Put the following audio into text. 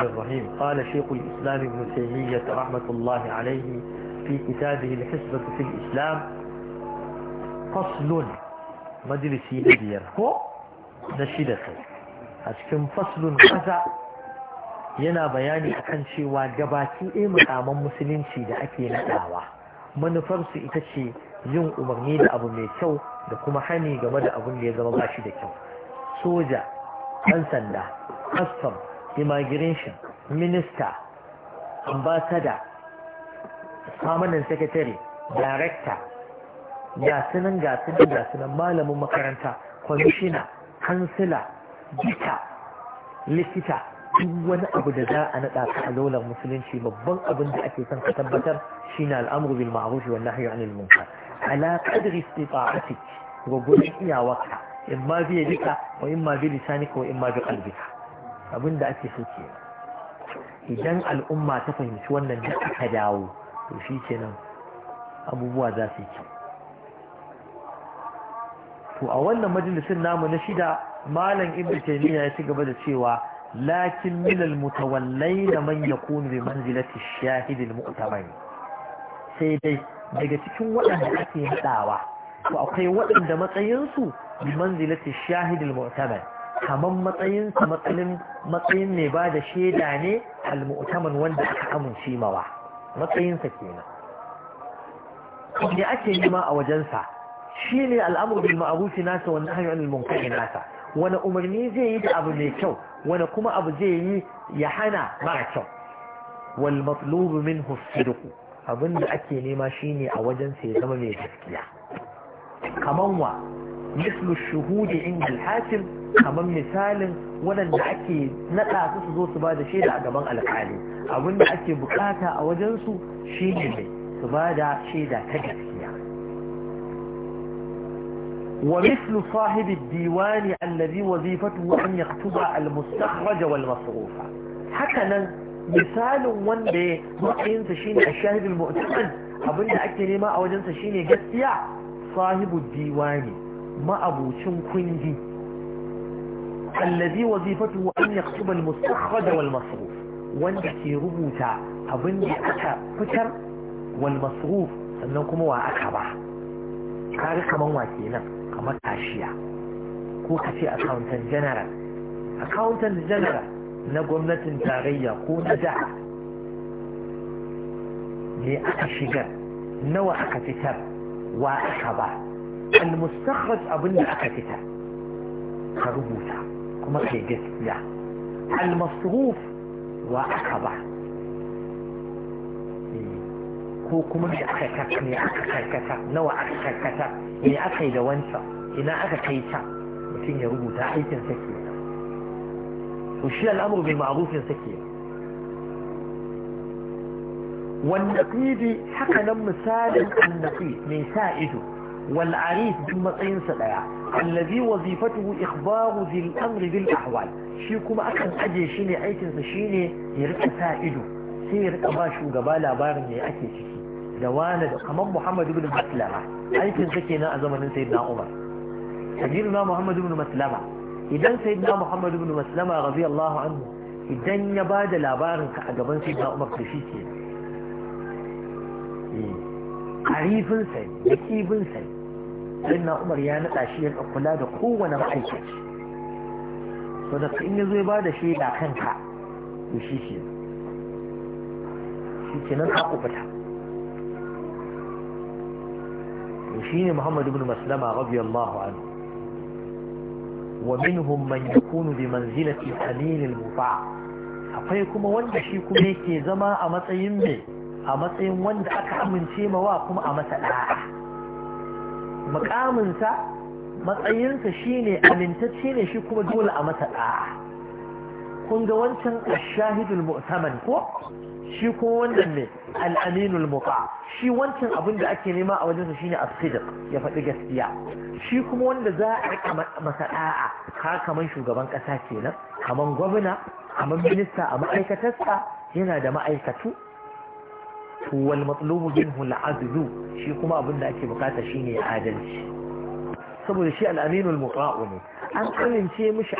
الرحيم قال شيخ الإسلام ابن تيمية رحمة الله عليه في كتابه الحسبة في الإسلام فصل مجلسي نبير هو نشيدة أشكم فصل كذا yana bayani akan cewa gabaki e mukaman musulunci da ake naɗawa manufarsu ita ce yin umarni da abu mai kyau da kuma hani game da abin da ya zama ba shi da kyau soja ɗan sanda kastam immigration minister ambassador permanent secretary director ga sunan malamin makaranta kwamishina kansila dika likita duk wani abu da za a naɗa ka a zaunar musulunci babban abin da ake son ka tabbatar shine al'amru bil ma'ruf wa nahyu anil munkar ala qadri istita'atik wa gurin iyawarka in ma biya duka wa in ma bi lisanika wa in ma bi qalbika abin da ake so ke idan al'umma ta fahimci wannan da aka dawo to shi nan abubuwa za su yi to a wannan majalisin namu na shida malam ibn taymiya ya ci gaba da cewa lakin min almutawallaina man yakunu bi manzilati shahid al sai dai daga cikin waɗanda ake haɗawa to akwai waɗanda matsayinsu bi manzilati ash-shahid al kamar matsayinsa matsayin matsayin mai ba da shaida ne al-mu'taman wanda aka amince mawa matsayinsa kenan da ake nema a wajensa shi ne al'amur bil ma'arufi nasa wani hanyar munkari nasa wani umarni zai yi da abu mai kyau wani kuma abu zai yi ya hana mara kyau wal matlubu min hussiduku abinda ake nema shi ne a wajensa ya zama mai gaskiya kamanwa مثل shuhudi عند الحاكم كما مثال waɗanda ake naɗa su su zo shaida a gaban alƙali abin da ake bukata a wajensu shi mai su ba da shaida ta gaskiya wa mislu sahibi diwani allazi wazifatu an yaktuba al mustakhraj wal masrufa haka nan misalin wanda ya matsayinsa shine ashahid al mu'taman abin ake nema a wajensa shine gaskiya sahibu diwani ma'abucin kungi allazi wazifatu an yaktuba al-mustakhraj wal masruf wanda ke rubuta abin da aka fitar wal masruf sannan kuma wa aka ba kaga kaman wa kenan kamar kashiya ko kace accountant general accountant general na gwamnatin tarayya ko na da ne aka shigar nawa aka fitar wa aka ba al-mustakhraj abin da aka fita ka rubuta kuma kai gaskiya almasruf wa aka ba ko kuma da aka kaka ne aka karkata nawa aka karkata ne aka yi da wancan ina aka kai ta mutum ya rubuta aikin sa ke to shi al'amur bil ma'rufin sa ke wannan fidi haka nan misalin annabi mai sa ido والعريس بمطين سدايا الذي وظيفته اخبار ذي الامر بالاحوال شي كما اكن اجي شي ني ايتن سا شي ني يرك سائدو سي يرك با شغبا لبارن ني اكي شي da wani da kamar Muhammad ibn Maslama aikin sa kenan a zamanin Sayyidina Umar sabiruna Muhammad ibn Maslama idan Sayyidina Muhammad ibn Maslama radiyallahu anhu idan ya bada labarin ka a gaban Sayyidina Umar da shi kenan karifin sai da kifin sai sai na umar ya naɗa shi ya kula da kowane ma'aikaci so da in ya zo ya ba da shi da kanka to shi ke shi ke nan ka kubuta to shi ne muhammad ibn maslama radiyallahu anhu ومنهم من يكون بمنزلة الحميل المطاع akwai kuma wanda shi kuma yake zama a matsayin mai a matsayin wanda aka amince mawa kuma a masa ɗa'a mukaminsa matsayinsa shine amintacce ne shi kuma dole a masa ɗa'a? kun ga wancan ashahidul mu'taman ko shi kuma wannan ne al'aminul muta shi wancan abin da ake nema a wajensa shine as ya faɗi gaskiya shi kuma wanda za a rika masa ɗa'a ka kaman shugaban ƙasa kenan kaman gwamna kaman minista a ma'aikatarsa yana da ma'aikatu to wal matlubu minhu shi kuma abin da ake bukata shine adalci saboda shi al'aminul muqa'u ne an amince mishi